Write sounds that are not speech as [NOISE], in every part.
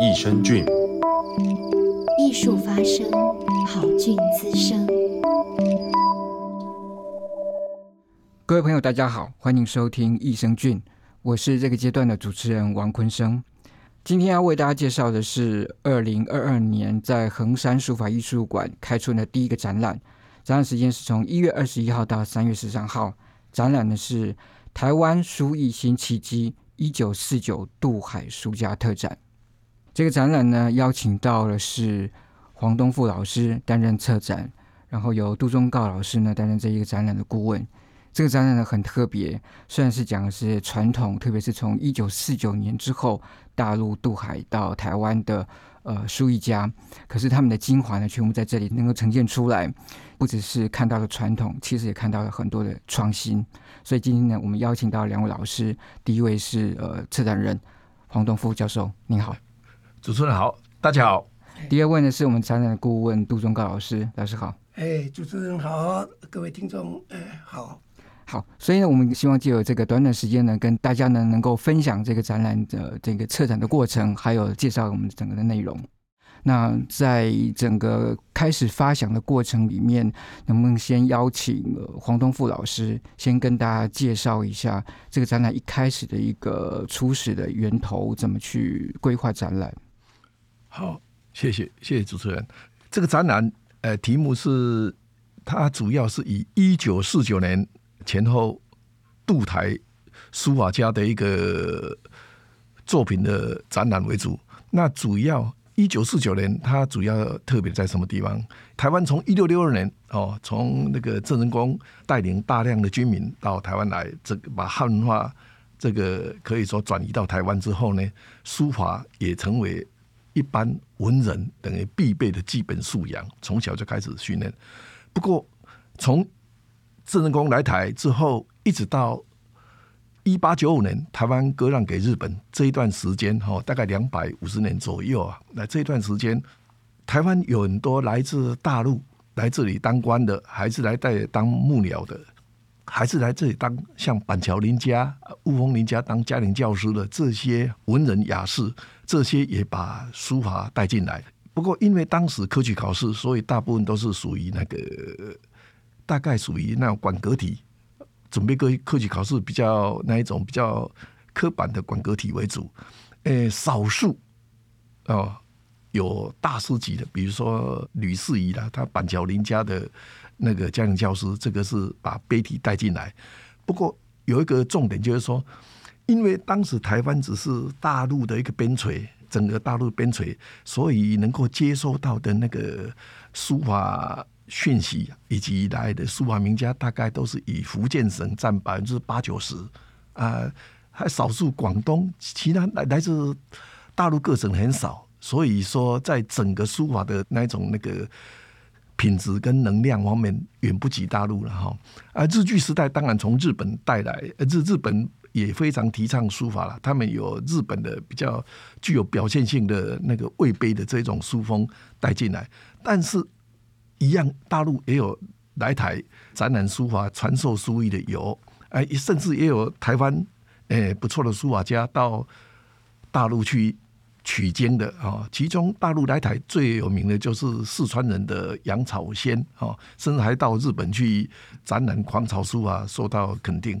益生菌。藝術發生，好菌滋生。各位朋友，大家好，歡迎收聽益生菌。我是這個階段的主持人王坤生王焜生，今天要為大家介紹的是二零二二年在橫山書法藝術館開出的第一個展覽。展覽時間是從一月二十一號到三月十三號。展覽的是。台灣書藝新契機，一九四九渡海書家特展。這個展覽呢，邀請到的是黃冬富老師擔任策展，然後由杜忠誥老師呢擔任這一個展覽的顧問。這個展覽呢很特別，雖然是講的是傳統，特別是從一九四九年之後大陸渡海到台灣的。呃，書一家，可是他們的精華呢，全部在這裡能夠呈現出來。不只是看到了傳統，其實也看到了很多的創新。所以今天呢，我們邀請到兩位老師，第一位是呃策展人黃冬富教授，您好，主持人好，大家好。第二位呢是我們展覽的顧問杜忠誥老師，老師好。哎、欸，主持人好，各位聽眾，哎、欸，好。好，所以呢，我們希望借由這個短短時間呢，跟大家呢能夠分享這個展覽的這個策展的過程，還有介紹我們整個的內容。那在整個開始發想的過程裡面，能不能先邀請黃冬富老師先跟大家介紹一下這個展覽一開始的一個初始的源頭，怎麼去規劃展覽？好，謝謝，謝謝主持人。這個展覽，呃，題目是它主要是以一九四九年。前後渡臺書法家的一個作品的展覽為主。那主要一九四九年，它主要特別在什麼地方？臺灣從一六六二年哦，從那個鄭成功帶領大量的軍民到臺灣來，這個把漢文化這個可以說轉移到臺灣之後呢，書法也成為一般文人等於必備的基本素養，從小就開始訓練。不過從鄭成功來台之後，一直到一八九五年台灣割讓給日本這一段時間，哈，大概兩百五十年左右啊。那這一段時間，台灣有很多來自大陸來這裡當官的，還是來帶當幕僚的，還是來這裡當像板橋林家、霧峰林家當家庭教師的這些文人雅士，這些也把書法帶進來。不過，因為當時科舉考試，所以大部分都是屬於那個。大概屬於那種館閣體，準備各科舉考試比較那一種比較刻板的館閣體為主，誒、欸，少數哦有大師級的，比如說呂世宜啦，他板橋林家的那個家庭教師，這個是把碑體帶進來。不過有一個重點就是說，因為當時臺灣只是大陸的一個邊陲，整個大陸邊陲，所以能夠接收到的那個書法。訊息以及來的書法名家，大概都是以福建省佔百分之八九十啊，呃，還少數廣東，其他來來自大陸各省很少。所以說，在整個書法的那一種那個品質跟能量方面，遠不及大陸了哈。而日據時代，當然從日本帶來，日日本也非常提倡書法了。他們有日本的比較具有表現性的那個魏碑的這種書風帶進來，但是。一樣，大陸也有來台展覽書法、傳授書藝的有，哎，甚至也有台灣、欸、不錯的書法家到大陸去取經的啊。其中大陸來台最有名的就是四川人的楊草仙啊，甚至還到日本去展覽狂草書啊，受到肯定。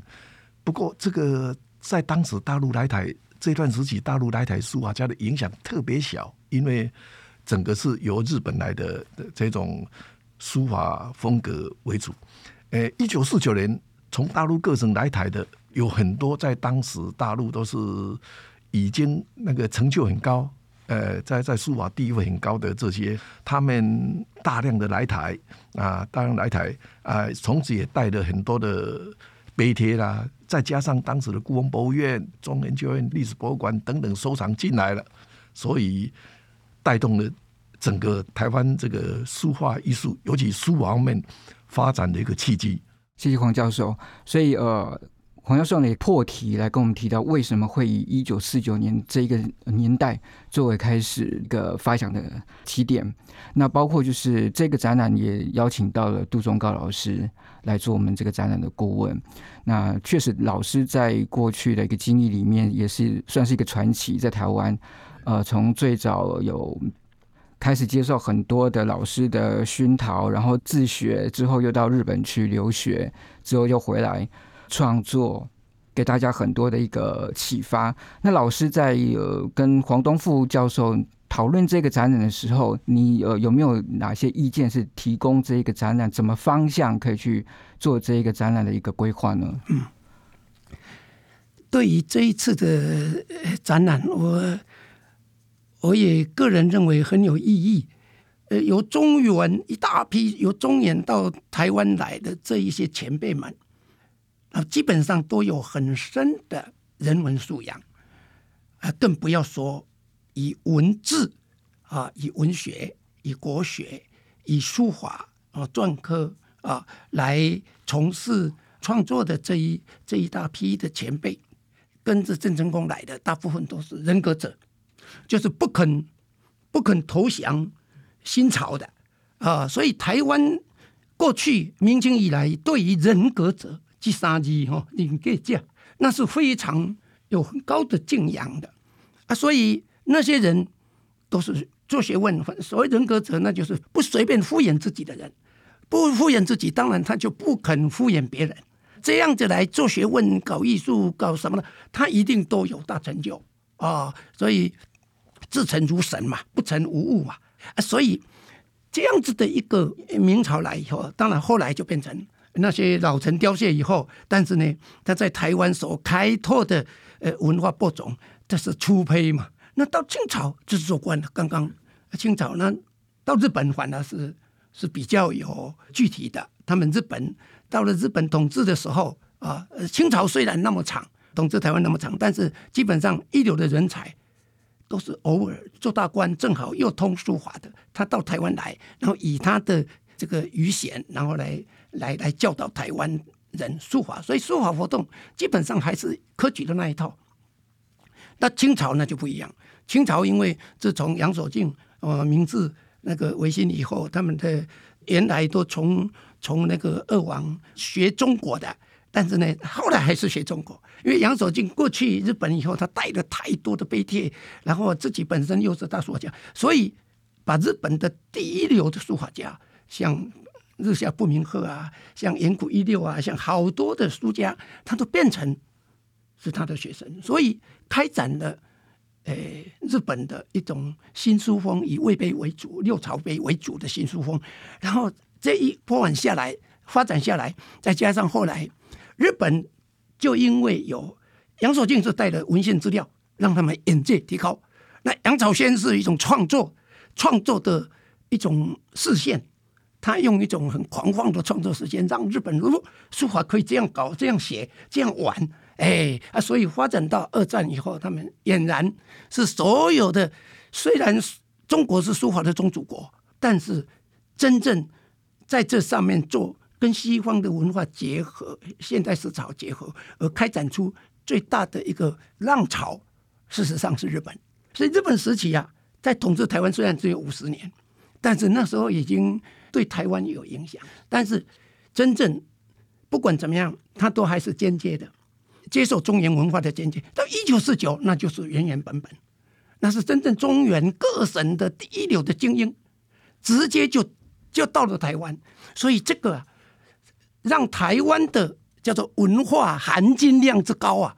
不過這個在當時大陸來台這段時期，大陸來台書法家的影響特別小，因為。整個是由日本來的這種書法風格為主。誒，一九四九年從大陸各省來台的有很多，在當時大陸都是已經那個成就很高，呃，在在書法地位很高的這些，他們大量的來台啊、呃，大量來台啊、呃，從此也帶了很多的碑帖啦，再加上當時的故宮博物院、中央研究院歷史博物館等等收藏進來了，所以。帶動了整個台灣這個書畫藝術，尤其書王們發展的一個契機。謝謝黃教授。所以呃，黃教授也破題來跟我們提到，為什麼會以一九四九年這個年代作為開始一個發展的起點？那包括就是這個展覽也邀請到了杜忠誥老師來做我們這個展覽的顧問。那確實，老師在過去的一個經歷裡面，也是算是一個傳奇在台灣。呃，從最早有開始接受很多的老師的熏陶，然後自學之後，又到日本去留學，之後又回來創作，給大家很多的一個啟發。那老師在，呃，跟黃冬富教授討論這個展覽的時候，你呃有沒有哪些意見是提供這個展覽怎麼方向可以去做這個展覽的一個規劃呢？嗯，對於這一次的展覽，我。我也個人認為很有意義。呃，由中原一大批由中原到台灣來的這一些前輩們，啊，基本上都有很深的人文素養，啊，更不要說以文字啊、以文學、以國學、以書法啊、篆刻啊來從事創作的這一這一大批的前輩，跟着鄭成功來的大部分都是人格者。就是不肯不肯投降新朝的啊、呃，所以台灣過去明清以來，對於人格者即殺之哈，人格者那是非常有很高的敬仰的啊，所以那些人都是做學問，所謂人格者，那就是不隨便敷衍自己的人，不敷衍自己，當然他就不肯敷衍別人，這樣子來做學問、搞藝術、搞什麼的，他一定都有大成就啊、呃，所以。自成如神嘛，不成無物嘛，啊、所以這樣子的一個明朝來以後，當然後來就變成那些老臣凋謝以後，但是呢，他在台灣所開拓的呃文化播種，這是初胚嘛。那到清朝，就是做官的，剛剛，清朝呢，到日本反而是是比較有具體的。他們日本到了日本統治的時候啊、呃，清朝雖然那麼長統治台灣那麼長，但是基本上一流的人才。都是偶爾做大官，正好又通書法的，他到台灣來，然後以他的這個餘閒，然後來來來教導台灣人書法。所以書法活動基本上還是科舉的那一套。那清朝呢，就不一樣。清朝因為自從楊守敬、呃，明治那個維新以後，他們的原來都從從那個二王學中國的，但是呢，後來還是學中國。因為楊守敬過去日本以後，他帶了太多的碑帖，然後自己本身又是大書法家，所以把日本的第一流的書法家，像日下部鳴鶴啊，像巖谷一六啊，像好多的書家，他都變成是他的學生，所以開展了誒日本的一種新書風，以魏碑為主、六朝碑為主的新書風，然後這一波往下來發展下來，再加上後來日本。就因為有楊守敬是帶的文獻資料，讓他們眼界提高。那楊朝軒是一種創作創作的一種視線，他用一種很狂放的創作時間，讓日本如果書法可以這樣搞、這樣寫、這樣玩，哎啊，所以發展到二戰以後，他們儼然是所有的。雖然中國是書法的宗主國，但是真正在這上面做。跟西方的文化結合，現代思潮結合，而開展出最大的一個浪潮。事實上是日本，所以日本時期啊，在統治台灣雖然只有五十年，但是那時候已經對台灣有影響。但是真正不管怎麼樣，它都還是間接的接受中原文化的間接。到一九四九，那就是原原本本，那是真正中原各省的第一流的精英，直接就就到了台灣。所以這個啊。讓台灣的叫做文化含金量之高啊，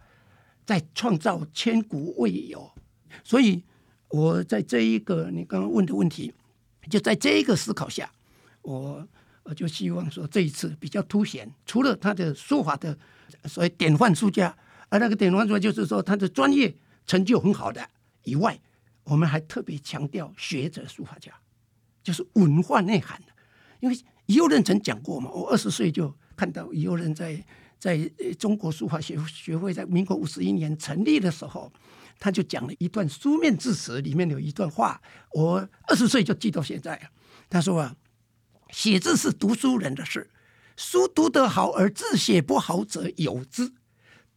在創造千古未有，所以我在這一個你剛剛問的問題，就在這一個思考下，我我就希望說這一次比較凸顯，除了他的書法的所謂典範書家，而那個典範書家就是說他的專業成就很好的以外，我們還特別強調學者書法家，就是文化內涵，因為。於右任曾講過嘛，我二十歲就看到於右任在在中國書法學學會在民國五十一年成立的時候，他就講了一段書面致辭，裡面有一段話，我二十歲就記到現在。他說啊，寫字是讀書人的事，書讀得好而字寫不好者有之，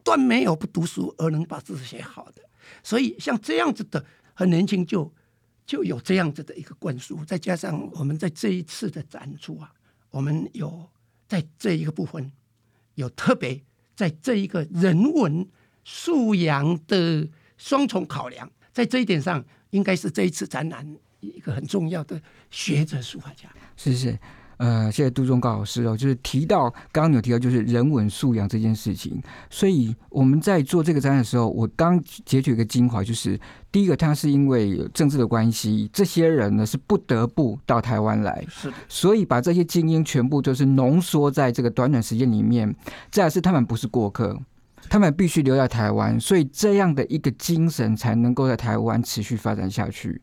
斷沒有不讀書而能把字寫好的。所以像這樣子的很年輕就就有這樣子的一個灌輸，再加上我們在這一次的展出啊。我們有在這一個部分，有特別在這一個人文素養的雙重考量，在這一點上，應該是這一次展覽一個很重要的學者書法家，是不是？呃，謝謝杜忠誥老師哦，就是提到剛剛有提到就是人文素養這件事情，所以我們在做這個展覽的時候，我剛截取一個精華，就是第一個，他是因為政治的關係，這些人呢是不得不到台灣來，是的，所以把這些精英全部都是濃縮在這個短短時間裡面，再是他們不是過客，他們必須留在台灣，所以這樣的一個精神才能夠在台灣持續發展下去。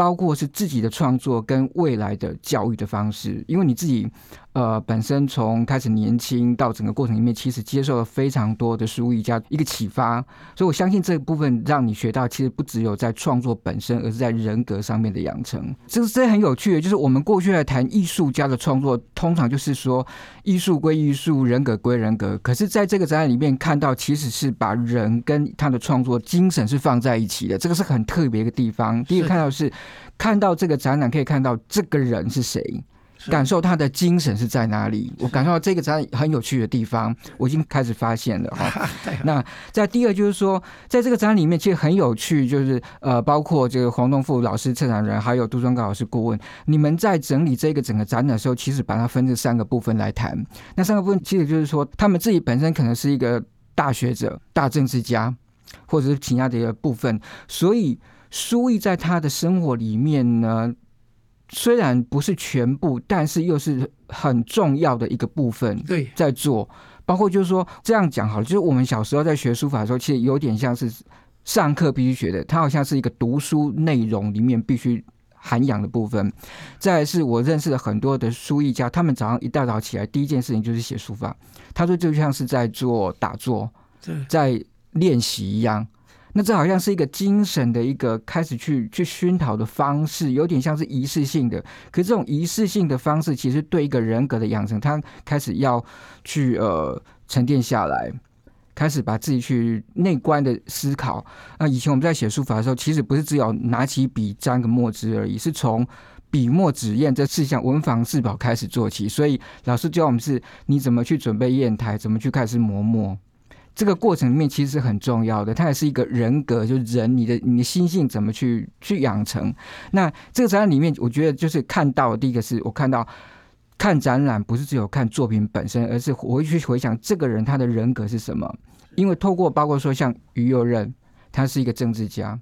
包括是自己的創作跟未來的教育的方式，因為你自己。呃，本身從開始年輕到整個過程裡面，其實接受了非常多的書藝加一個啟發，所以我相信這一部分讓你學到，其實不只有在創作本身，而是在人格上面的養成。這個這是很有趣的就是，我們過去來談藝術家的創作，通常就是說藝術歸藝術，人格歸人格。可是，在這個展覽裡面看到，其實是把人跟他的創作精神是放在一起的，這個是很特別的地方。第一個看到是,是，看到這個展覽可以看到這個人是誰。感受他的精神是在哪裡？我感受到這個展很有趣的地方，我已經開始發現了哈。 [LAUGHS] [LAUGHS] 那在第二就是說，在這個展覽裡面其實很有趣，就是呃，包括這個黃冬富老師策展人，還有杜忠誥老師顧問，你們在整理這個整個展覽的時候，其實把它分成三個部分來談。那三個部分其實就是說，他們自己本身可能是一個大學者、大政治家，或者是其他的一個部分。所以書藝在他的生活裡面呢，雖然不是全部，但是又是很重要的一個部分。對，在做，包括就是說這樣講好了，就是我們小時候在學書法的時候，其實有點像是上課必須學的，它好像是一個讀書內容裡面必須涵養的部分。再來是我認識了很多的書藝家，他們早上一大早起來，第一件事情就是寫書法。他說就像是在做打坐，在練習一樣。那這好像是一個精神的一個開始去去熏陶的方式，有點像是儀式性的。可是這種儀式性的方式，其實對一個人格的養成，他開始要去呃沉澱下來，開始把自己去內觀的思考。那，呃，以前我們在寫書法的時候，其實不是只有拿起筆沾個墨汁而已，是從筆墨紙硯這四項文房四寶開始做起。所以老師教我們是，你怎麼去準備硯台，怎麼去開始磨墨。這個過程裡面其實是很重要的，它也是一個人格，就是人你的你的心性怎麼去去養成。那這個展覽裡面，我覺得就是看到第一個是我看到看展覽不是只有看作品本身，而是回去回想這個人他的人格是什麼。因為透過包括說像於右任，他是一個政治家；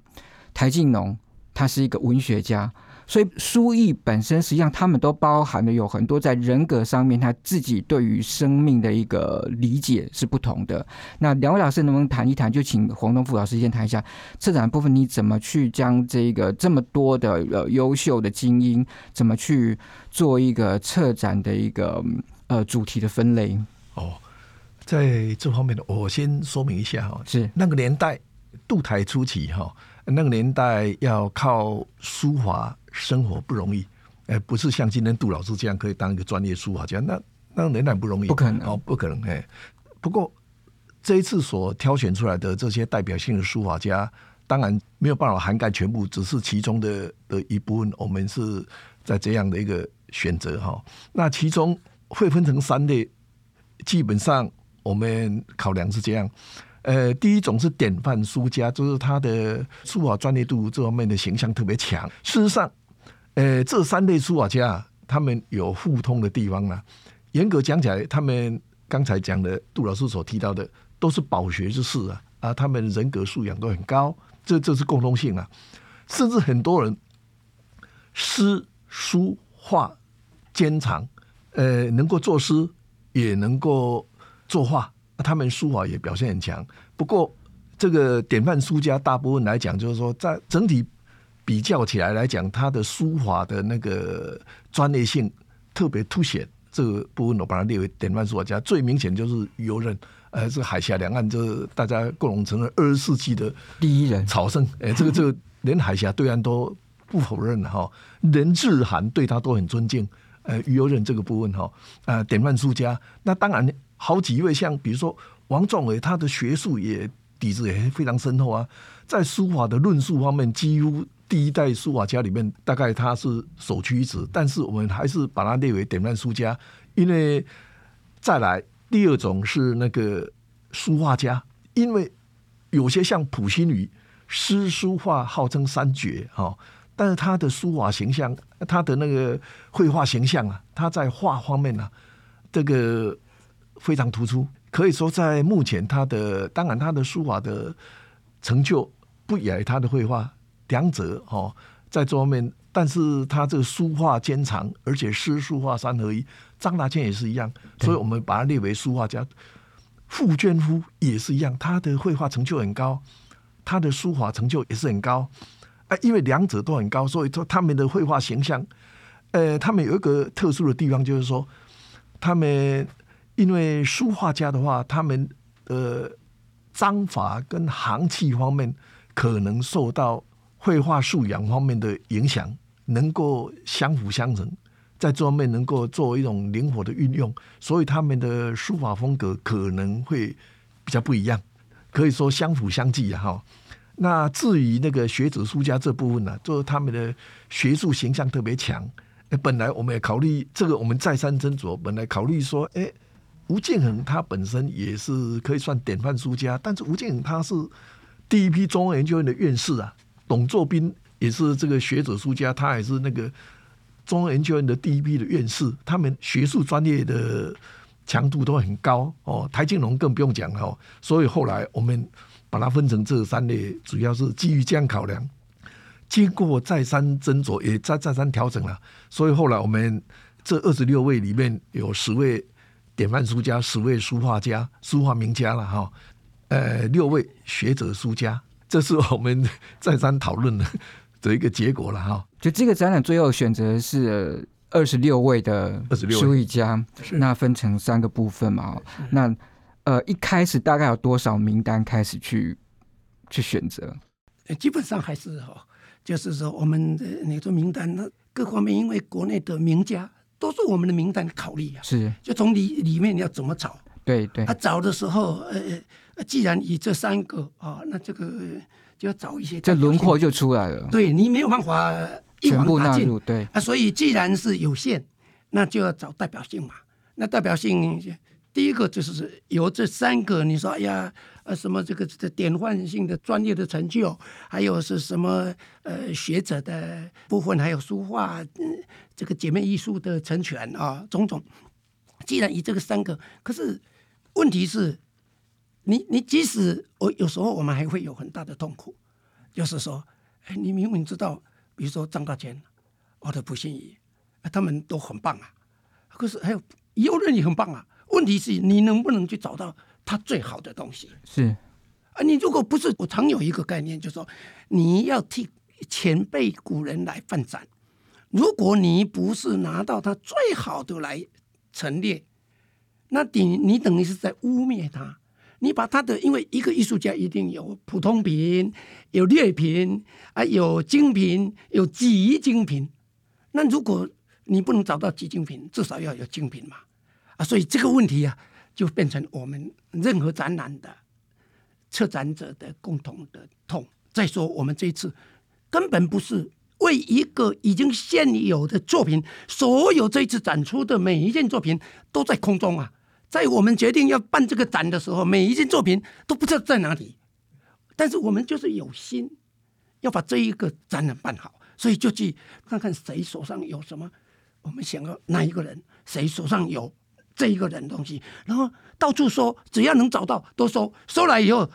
台靜農，他是一個文學家。所以，書藝本身實際上，他們都包含的有很多在人格上面，他自己對於生命的一個理解是不同的。那兩位老師能不能談一談？就請黃冬富老師先談一下策展部分，你怎麼去將這個這麼多的呃優秀的精英，怎麼去做一個策展的一個呃主題的分類？哦，在這方面的、哦、我先說明一下哈，是那個年代渡台初期哈、哦，那個年代要靠書法生活不容易，哎、欸，不是像今天杜老師這樣可以當一個專業書法家，那那仍然不容易，不可能，哦，不可能，嘿、欸，不過這一次所挑選出來的這些代表性的書法家，當然沒有辦法涵蓋全部，只是其中的的一部分。我們是在這樣的一個選擇哈、哦。那其中會分成三類，基本上我們考量是這樣。呃，第一種是典範書家，就是他的書法專業度這方面的形象特別強。事實上，呃，這三類書法家啊，他們有互通的地方啊。嚴格講起來，他們剛才講的杜老師所提到的，都是飽學之士啊，啊，他們人格素養都很高，這這是共通性啊。甚至很多人詩書畫兼長，呃，能夠作詩，也能夠作畫。他們書法也表現很強，不過這個典範書家大部分來講，就是說在整體比較起來來講，他的書法的那個專業性特別凸顯。這個部分我把它列為典範書法家，最明顯就是於右任，呃，這個海峽兩岸就是大家共同承認二十世紀的第一人，草聖，哎，這個這個連海峽對岸都不否認哈，連日韓對他都很尊敬。呃，於右任這個部分哈，啊、呃，典範書家，那當然。好幾位，像比如說王壯為，他的學術也底子也非常深厚啊。在書法的論述方面，幾乎第一代書法家裡面，大概他是首屈一指。但是我們還是把他列為典範書家，因為再來第二種是那個書畫家，因為有些像溥心畬，詩書畫號稱三絕啊。但是他的書法形象，他的那個繪畫形象啊，他在畫方面呢、啊，這個。非常突出，可以說在目前他的，當然他的書法的成就不亞於他的繪畫，兩者哦在這方面，但是他這個書畫兼長，而且詩書畫三合一，張大千也是一樣，所以我們把他列為書畫家。傅狷夫也是一樣，他的繪畫成就很高，他的書法成就也是很高，啊、呃，因為兩者都很高，所以說他們的繪畫形象，呃，他們有一個特殊的地方，就是說他們。因為書畫家的話，他們的章法跟行氣方面可能受到繪畫素養方面的影響，能夠相輔相成，在這方面能夠作為一種靈活的運用，所以他們的書法風格可能會比較不一樣，可以說相輔相濟哈、啊。那至於那個學者書家這部分呢、啊，就是他們的學術形象特別強。本來我們也考慮這個，我們再三斟酌，本來考慮說，誒吳敬恆他本身也是可以算典範書家，但是吳敬恆他是第一批中央研究院的院士啊。董作賓也是這個學者書家，他也是那個中央研究院的第一批的院士。他們學術專業的強度都很高哦。臺靜農更不用講哦，所以後來我們把它分成這三類，主要是基於這樣考量。經過再三斟酌，也再再三調整了，所以後來我們這二十六位裡面有十位。典範書家、十位書畫家、書畫名家了哈，呃，六位學者書家，這是我們再三討論的的一個結果了哈。就這個展覽最後選擇是二十六位的書藝家位，那分成三個部分嘛。那呃，一開始大概有多少名單開始去去選擇？基本上還是哈、哦，就是說我們列出名單，那各方面因為國內的名家。都是我們的名單的考慮啊，是，就從裡裡面你要怎麼找？對對。他、啊、找的時候，呃，既然以這三個啊、哦，那這個就要找一些。這輪廓就出來了。對，你沒有辦法一進全部進入，對。啊，所以既然是有限，那就要找代表性嘛。那代表性，第一個就是由這三個，你說哎呀，呃，什麼這個這個、典範性的專業的成就，還有是什麼呃學者的部分，還有書畫嗯。這個姐妹藝術的成全啊，種種。既然以這個三個，可是問題是你，你即使我有時候我們還會有很大的痛苦，就是說，哎，你明明知道，比如說張大千、我的溥心畬、啊，他們都很棒啊。可是還有有人也很棒啊。問題是你能不能去找到他最好的東西？是啊，你如果不是我，常有一個概念，就是說你要替前輩古人來辦展。如果你不是拿到他最好的來陳列，那等你等於是在污衊他，你把他的因為一個藝術家一定有普通品、有劣品啊，有精品、有極精品。那如果你不能找到極精品，至少要有精品嘛啊。所以這個問題啊，就變成我們任何展覽的策展者的共同的痛。再說我們這一次根本不是。為一個已經現有的作品，所有這次展出的每一件作品都在空中啊！在我們決定要辦這個展的時候，每一件作品都不知道在哪裡，但是我們就是有心要把這一個展覽辦好，所以就去看看誰手上有什麼，我們想要哪一個人，誰手上有這一個人的東西，然後到處搜，只要能找到都收，收了以後。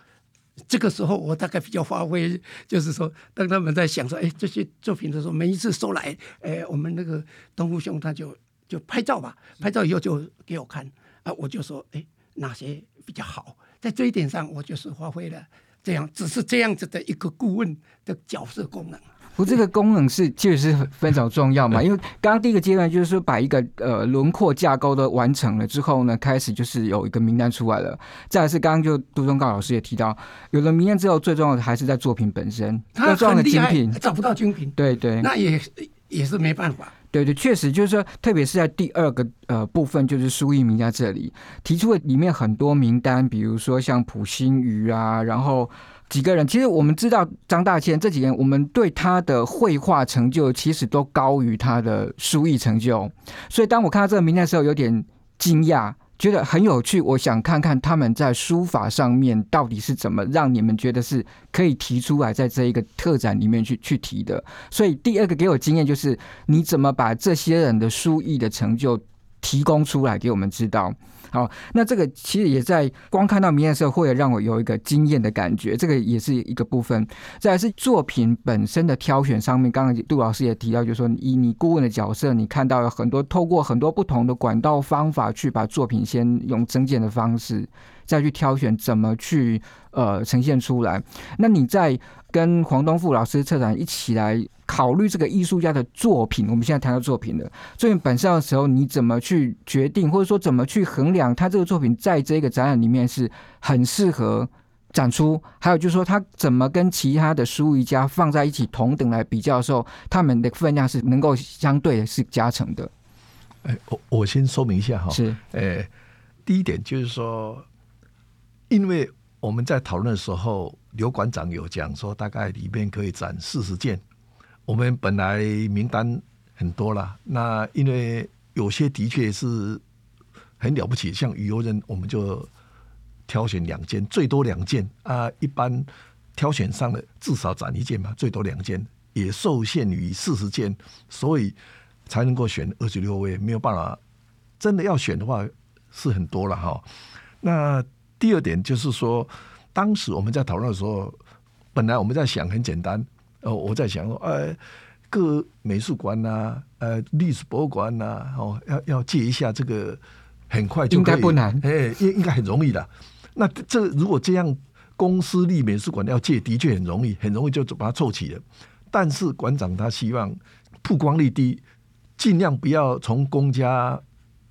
這個時候，我大概比較發揮，就是說，當他們在想說，哎，這些作品的時候，每一次收來，哎，我們那個冬富兄他就就拍照吧，拍照以後就給我看，啊，我就說，哎，哪些比較好，在這一點上，我就是發揮了這樣，只是這樣子的一個顧問的角色功能。不，這個功能是確實 [LAUGHS] 非常重要嘛？因為剛剛第一個階段就是說，把一個呃輪廓架構都完成了之後呢，開始就是有一個名單出來了。再來是剛剛就杜忠誥老師也提到，有了名單之後，最重要的還是在作品本身，那重要的精品，找不到精品，對對，那也也是沒辦法。對對，確實就是說，特別是在第二個呃部分，就是書藝名家這裡提出了裡面很多名單，比如說像溥心畬啊，然後。幾個人，其實我們知道張大千這幾年，我們對他的繪畫成就其實都高於他的書藝成就，所以當我看到這個名單的時候，有點驚訝，覺得很有趣。我想看看他們在書法上面到底是怎麼讓你們覺得是可以提出來，在這一個特展裡面去去提的。所以第二個給我經驗就是，你怎麼把這些人的書藝的成就提供出來給我們知道？好，那這個其實也在光看到明言的時候，會讓我有一個驚豔的感覺，這個也是一個部分。再來是作品本身的挑選上面，剛剛杜老師也提到，就是說以你顧問的角色，你看到有很多透過很多不同的管道方法，去把作品先用增減的方式再去挑選，怎麼去，呃，呈現出來。那你在跟黃冬富老師策展一起來考慮這個藝術家的作品，我們現在談到作品的作品本身的時候，你怎麼去決定，或者說怎麼去衡量他這個作品在這個展覽裡面是很適合展出？還有就是說，他怎麼跟其他的書藝家放在一起同等來比較的時候，他們的分量是能夠相對是加成的？哎、欸，我我先說明一下哈、哦，是，哎、欸，第一點就是說，因為。我們在討論的時候，劉館長有講說，大概裡面可以展四十件。我們本來名單很多了，那因為有些的確是很了不起，像於右任，我們就挑選兩件，最多兩件啊。一般挑選上的至少展一件嘛，最多兩件，也受限於四十件，所以才能夠選二十六位。沒有辦法，真的要選的話是很多了哈。那。第二點就是說，當時我們在討論的時候，本來我們在想很簡單，哦，我在想，呃，各美術館啊，呃，歷史博物館啊，哦，要要借一下這個，很快就可以應該不難，哎，應應該很容易的。那這如果這樣，公私立美術館要借，的確很容易，很容易就把它湊齊了。但是館長他希望曝光率低，儘量不要從公家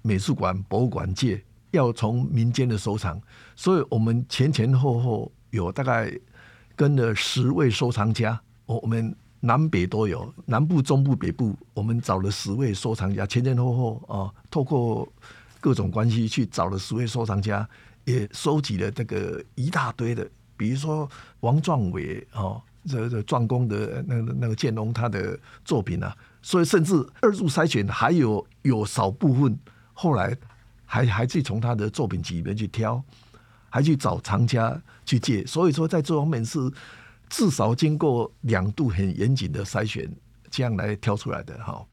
美術館、博物館借。要從民間的收藏，所以我們前前後後有大概跟了十位收藏家，我們南北都有，南部、中部、北部，我們找了十位收藏家，前前後後啊，透過各種關係去找了十位收藏家，也收集了這個一大堆的，比如說王壯偉哦、啊，這這壯公的那個、那個建龍他的作品啊，所以甚至二度篩選還有有少部分後來。還還去從他的作品集裡面去挑，還去找藏家去借，所以說在這方面是至少經過兩度很嚴謹的篩選，這樣來挑出來的哈。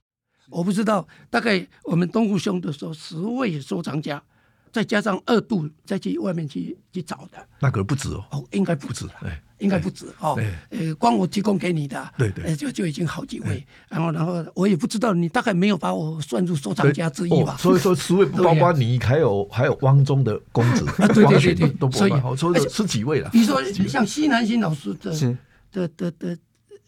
我不知道，大概我們冬富兄的時候，十位收藏家，再加上二度再去外面去去找的，那可不止、喔、哦，應該不止哎。應該不止、欸、哦對，呃，光我提供給你的，對對，對、呃，就就已經好幾位對對對，然後然後我也不知道你大概沒有把我算入收藏家之一吧？哦、所以說十位不包括你，還有、啊、還有汪中的公子，對對對，對，都不包所以，所以說是十幾位了。比如說像奚南薰老師的的的的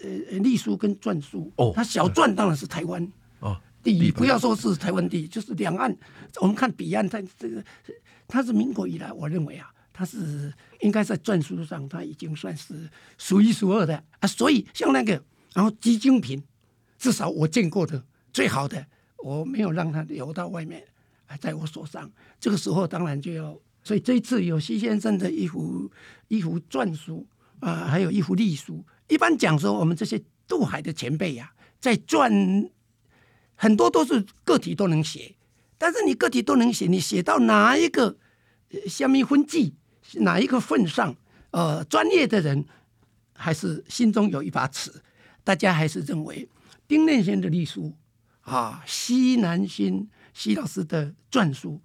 呃隸書跟篆書，哦，他小篆當然是台灣哦第一，不要說是台灣第一，就是兩岸，我們看彼岸，在這個他是民國以來，我認為啊。他是應該在篆書上，他已經算是數一數二的啊。所以像那個，然後極精品，至少我見過的最好的，我沒有讓他留到外面，還、啊、在我手上。這個時候當然就要，所以這一次有西先生的一幅一幅篆書啊、呃，還有一幅隸書。一般講說，我們這些渡海的前輩呀、啊，在篆很多都是個體都能寫，但是你個體都能寫，你寫到哪一個什麼分際。哪一個份上，呃，專業的人還是心中有一把尺，大家還是認為丁念先的隸書啊，西南新西老師的篆書，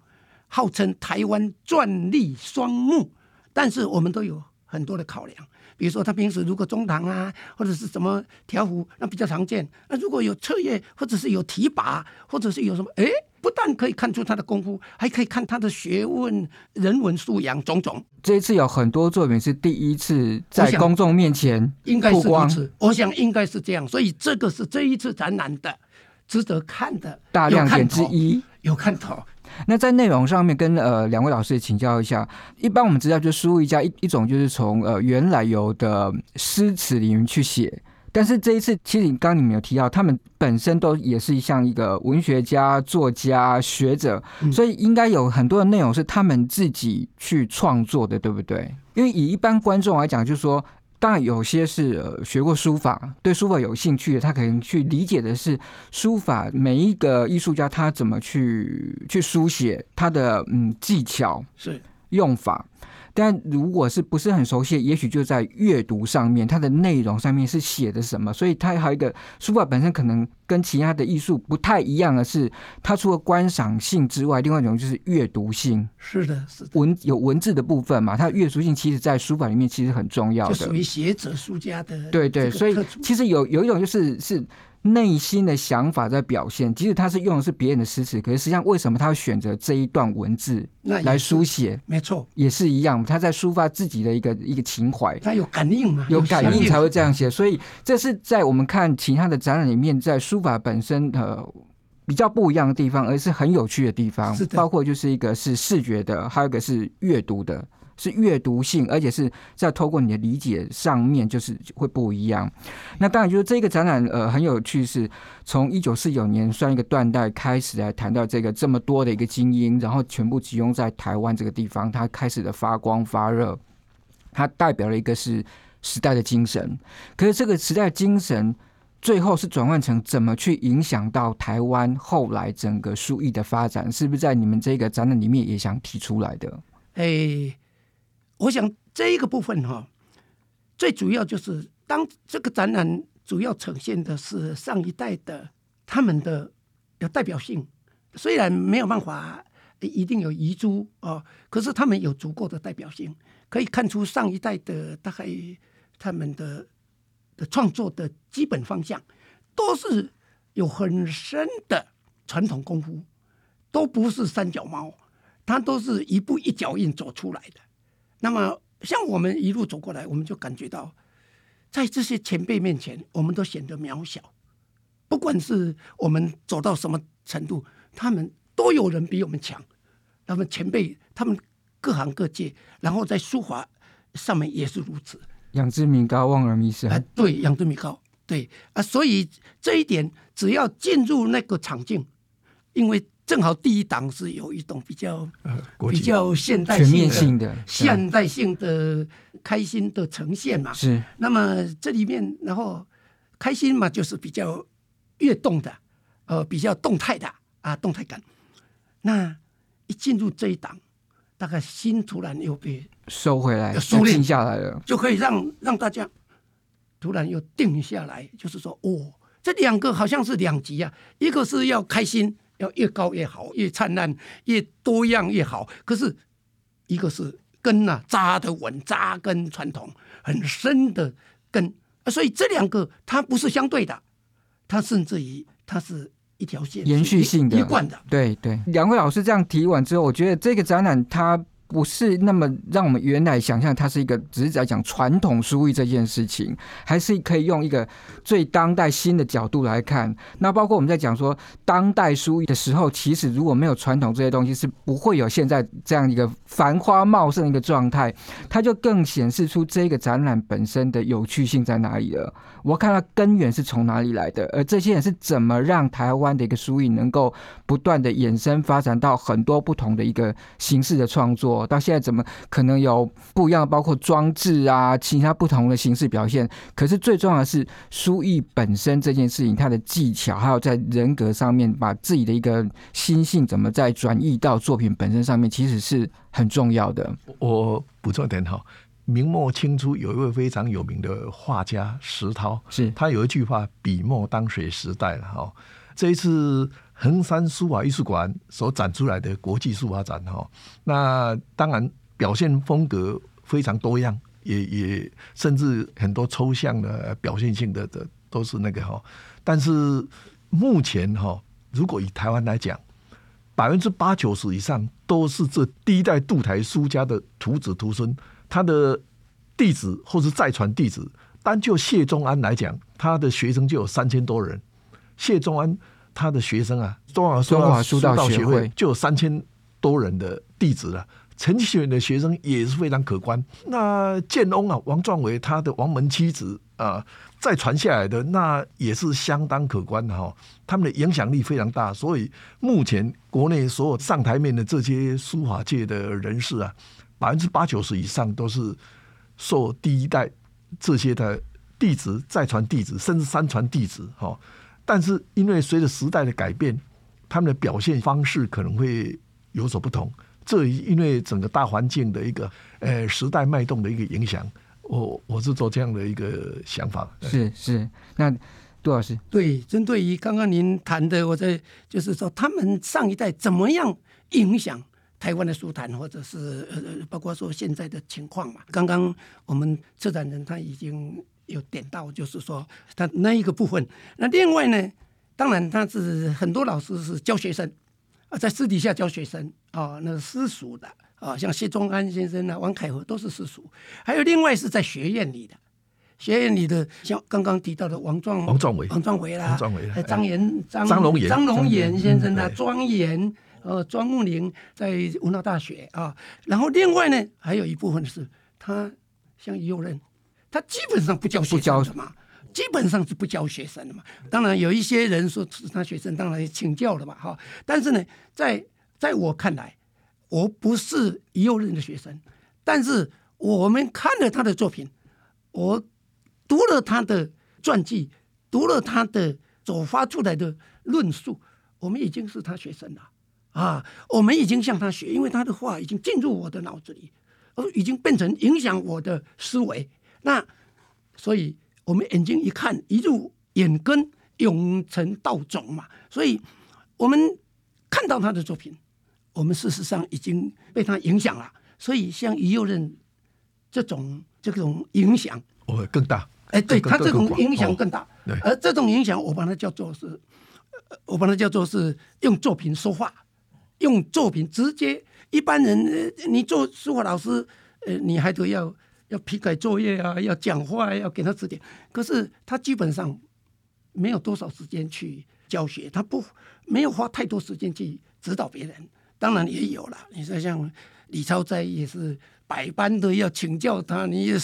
號稱台灣篆隸雙目，但是我們都有。很多的考量，比如說他平時如果中堂啊，或者是什麼條幅，那比較常見。那如果有冊頁，或者是有題跋，或者是有什麼，哎，不但可以看出他的功夫，還可以看他的學問、人文素養種種。這一次有很多作品是第一次在公眾面前曝光，我想應該是，應該是這樣。所以這個是這一次展覽的值得看的有看大亮點之一，有看頭。那在內容上面跟、跟呃兩位老師請教一下。一般我們知道就一一，就輸入一下一一種，就是從呃原來有的詩詞裡面去寫。但是這一次，其實剛你們有提到，他們本身都也是像一個文學家、作家、學者，嗯。所以應該有很多的內容是他們自己去創作的，對不對？因為以一般觀眾來講，就是說，當然，有些是學過書法，對書法有興趣的，他可能去理解的是書法每一個藝術家他怎麼去去書寫他的嗯技巧是用法，但如果是不是很熟悉，也許就在閱讀上面，它，的內容上面是寫的什麼，所以它還有一個書法本身可能跟其他的藝術不太一樣的是，它除了觀賞性之外，另外一種就是閱讀性。是的，是的，文有文字的部分嘛，它的閱讀性其實在書法裡面其實很重要的，屬於學者書家的。對，對對，所以其實有有一種就是是。內心的想法在表現，即使他是用的是別人的詩詞，可是實際上為什麼他會選擇這一段文字來書寫？沒錯，也是一樣，他在抒發自己的一個一個情懷。他有感應嘛、啊？有感應才會這樣寫、嗯。所以這是在我們看其他的展覽裡面，在書法本身呃比較不一樣的地方，而是很有趣的地方。是包括就是一個是視覺的，還有一個是閱讀的。是閱讀性，而且是在透過你的理解上面，就是會不一樣。那當然，就是這個展覽呃很有趣，是從一九四九年算一個斷代開始來談到這個這麼多的一個精英，然後全部集中在台灣這個地方，它開始的發光發熱。它代表了一個是時代的精神，可是這個時代的精神最後是轉換成怎麼去影響到台灣後來整個書藝的發展，是不是在你們這個展覽裡面也想提出來的？誒、Hey。我想這一個部分哈，最主要就是當這個展覽主要呈現的是上一代的他們的有代表性，雖然沒有辦法一定有遺珠啊，可是他們有足夠的代表性，可以看出上一代的大概他們的的創作的基本方向，都是有很深的傳統功夫，都不是三腳貓，它都是一步一腳印走出來的。那麼，像我們一路走過來，我們就感覺到，在這些前輩面前，我們都顯得渺小。不管是我們走到什麼程度，他們都有人比我們強。那麼，前輩他們各行各業，然後在書法上面也是如此。仰之彌高，望而彌深。啊，對，仰之彌高，對啊，所以這一點，只要進入那個場景，因為。正好第一檔是有一種比較呃，比較現代性的、性的現代性的開心的呈現嘛。是，那麼這裡面然後開心嘛，就是比較躍動的，呃，比較動態的啊，動態感。那一進入這一檔，大概心突然又被收回來，就靜下來了，就可以讓讓大家突然又定下來，就是說，哦，這兩個好像是兩極啊，一個是要開心。要越高越好，越燦爛，越多樣越好。可是，一個是根吶、啊，扎得穩，扎根傳統很深的根。所以這兩個它不是相對的，它甚至於它是一條線，延續性的，一，一貫的。對對，兩位老師這樣提完之後，我覺得這個展覽它。不是那麼讓我們原來想象它是一個，只是在講傳統書藝這件事情，還是可以用一個最當代新的角度來看。那包括我們在講說當代書藝的時候，其實如果沒有傳統這些東西，是不會有現在這樣一個繁花茂盛的一個狀態。它就更顯示出這個展覽本身的有趣性在哪裡了。我看它根源是從哪裡來的，而這些人是怎麼讓臺灣的一個書藝能夠不斷的衍生發展到很多不同的一個形式的創作。我到現在怎麼可能有不一樣？包括裝置啊，其他不同的形式表現。可是最重要的是書藝本身這件事情，它的技巧，還有在人格上面把自己的一個心性怎麼再轉移到作品本身上面，其實是很重要的。我補充點哈、哦，明末清初有一位非常有名的畫家石濤，是他有一句話：“筆墨當隨時代”了、哦、哈。這一次。橫山書法藝術館所展出來的國際書法展，那當然表現風格非常多樣，也也甚至很多抽象的、表現性的的都是那個。但是目前哈，如果以台灣來講，百分之八九十以上都是這第一代渡台書家的徒子徒孫，他的弟子或是再傳弟子。單就謝宗安來講，他的學生就有三千多人。謝宗安。他的學生啊，中華書道學會就有三千多人的弟子了，陳其銓的學生也是非常可觀。那建翁啊，王壯為他的王門七子啊，再傳下來的那也是相當可觀的、啊、哈。他們的影響力非常大，所以目前國內所有上台面的這些書法界的人士啊，百分之八九十以上都是受第一代這些的弟子再傳弟子，甚至三傳弟子哈。但是，因為隨着時代的改變，他們的表現方式可能會有所不同。這因為整個大環境的一個，呃，時代脈動的一個影響。我我是做這樣的一個想法。是是，那杜老師，對，針對於剛剛您談的，我在就是說，他們上一代怎麼樣影響台灣的書壇或者是、呃、包括說現在的情況嘛？剛剛我們策展人他已經。有點到，就是說他那一個部分。那另外呢，當然他是很多老師是教學生，啊，在私底下教學生啊、哦，那是私塾的啊、哦，像謝宗安先生啊、王凱和都是私塾。還有另外是在學院裡的，學院裡的像剛剛提到的王壯、王壯偉、王壯偉啦，張、哎、巖、張張龍巖、張龍巖先生啊，莊嚴呃莊木林在武大大學啊、哦。然後另外呢，還有一部分是他像於右任，他基本上不教學生，不教什麼？基本上是不教學生的嘛。當然有一些人說是他學生，當然也請教了嘛，哈。但是呢，在在我看來，我不是於右任的學生，但是我們看了他的作品，我讀了他的傳記，讀了他的所發出來的論述，我們已經是他學生了啊。我們已經向他學，因為他的話已經進入我的腦子裡，而已經變成影響我的思維。那，所以我們眼睛一看，一入眼根，永成道種嘛。所以我們看到他的作品，我們事實上已經被他影響了。所以像於右任這種這種影響，哦，更大。哎、欸，對他這種影響更大。哦、對而這種影響，我把它叫做是，我把它叫做是用作品說話，用作品直接。一般人，你做書法老師，呃，你還得要。要批改作業啊，要講話啊，要給他指點。可是他基本上沒有多少時間去教學，他不，沒有花太多時間去指導別人。當然也有了，你說像李超在也是百般的要請教他，你也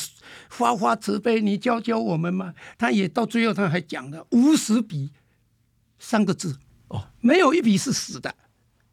發發慈悲，你教教我們嘛。他也到最後他還講了“無死筆”三個字哦，沒有一筆是死的，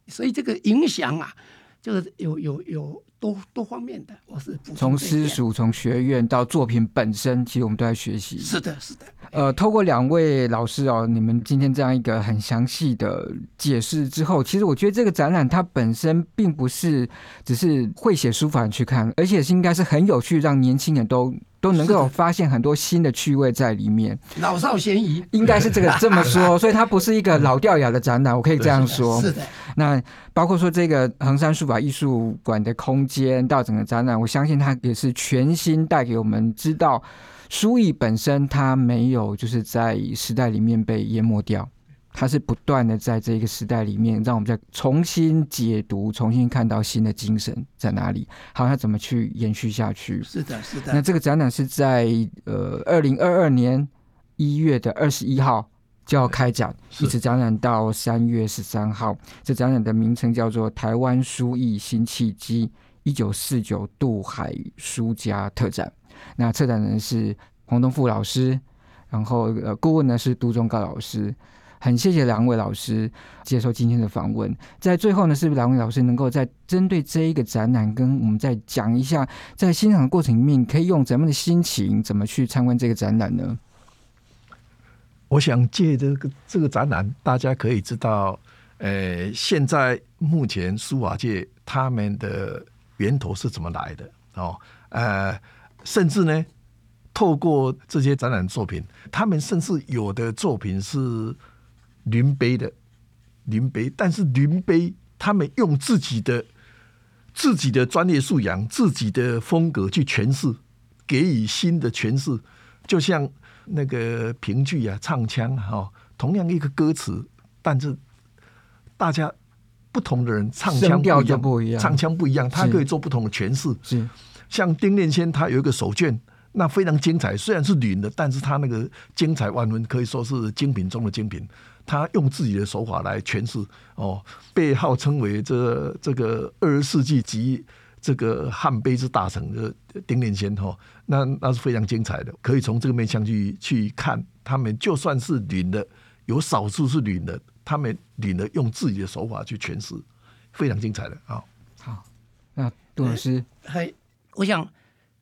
所以這個影響啊，就是有有有。有有多多方面的，我是從私塾、從學院到作品本身，其實我們都在學習。是的，是的。呃，透過兩位老師哦，你們今天這樣一個很詳細的解釋之後，其實我覺得這個展覽它本身並不是只是會寫書法人去看，而且應該是很有趣，讓年輕人都都能夠發現很多新的趣味在裡面。老少咸宜，應該是這個這麼說， [LAUGHS] 所以它不是一個老掉牙的展覽，嗯，我可以這樣說。是的。是的，那包括說這個橫山書法藝術館的空間。間到整個展覽，我相信它也是全新帶給我們知道，書藝本身它沒有就是在時代裡面被淹沒掉，它是不斷的在這個時代裡面讓我們再重新解讀，重新看到新的精神在哪裡，好，有它怎麼去延續下去。是的，是的。那這個展覽是在呃二零二二年一月的二十一號就要開展，一直展覽到三月十三號。這展覽的名稱叫做《台灣書藝新契機》，一九四九渡海書家特展，那策展人是黃冬富老師，然後呃顧問呢是杜忠誥老師，很謝謝兩位老師接受今天的訪問。在最後呢，是不是兩位老師能夠再針對這一個展覽，跟我們再講一下，在欣賞的過程裡面，可以用怎麼的心情，怎麼去參觀這個展覽呢？我想借這個這個展覽，大家可以知道，呃，現在目前書法界他們的，源頭是怎麼來的？哦，呃，甚至呢，透過這些展覽作品，他們甚至有的作品是臨碑的，臨碑，但是臨碑，他們用自己的自己的專業素養、自己的風格去詮釋，給予新的詮釋。就像那個評劇啊、唱腔哈、啊，同樣一個歌詞，但是大家。不同的人唱腔不一樣，一樣唱腔不一樣，他可以做不同的詮釋。是，是像丁念先他有一個手卷，那非常精彩。雖然是女的，但是他那個精彩萬分，可以說是精品中的精品。他用自己的手法來詮釋，哦，被號稱為這個、這個二十世紀及這個漢碑之大成的、這個、丁念先哈、哦，那那是非常精彩的。可以從這個面向去去看，他們就算是女的，有少數是女的。他們領了用自己的手法去詮釋，非常精彩的啊！好，那杜老師，還、哎哎、我想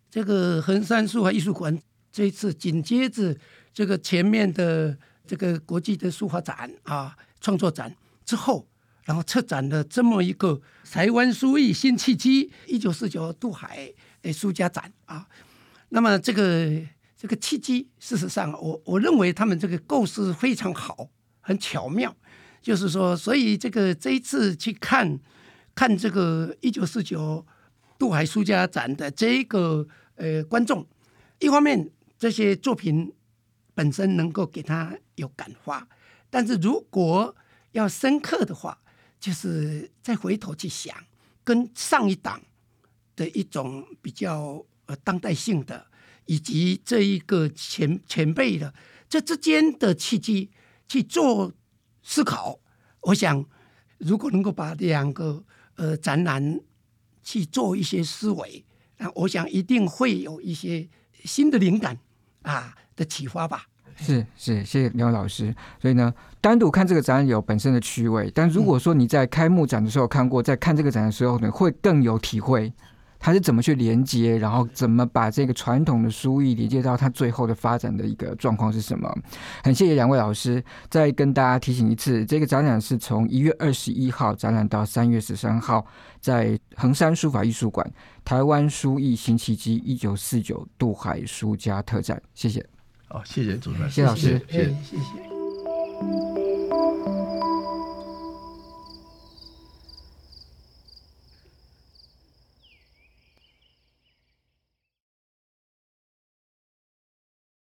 這個橫山書法藝術館這一次緊接着這個前面的這個國際的書法展啊、創作展之後，然後策展了這麼一個台灣書藝新契機一九四九渡海誒書家展啊。那麼這個這個契機，事實上我我認為他們這個構思非常好，很巧妙。就是說，所以這個這一次去看看這個一九四九渡海書家展的這一個呃觀眾，一方面這些作品本身能夠給他有感化，但是如果要深刻的話，就是再回頭去想跟上一檔的一種比較呃當代性的，以及這一個前前輩的這之間的契機去做。思考，我想，如果能夠把兩個呃展覽去做一些思維，那我想一定會有一些新的靈感啊的啟發吧。是是，謝謝劉老師。所以呢，單獨看這個展覽有本身的趣味，但如果說你在開幕展的時候看過，嗯、在看這個展的時候，你會更有體會。他是怎麼去連接，然後怎麼把這個傳統的書藝連接到他最後的發展的一個狀況是什麼？很謝謝兩位老師，再跟大家提醒一次，這個展覽是從一月二十一號展覽到三月十三號，在橫山書法藝術館“臺灣書藝新契機：一九四九渡海書家特展”。謝謝。好，謝謝主持人，謝謝老師，謝謝。謝謝謝謝謝謝。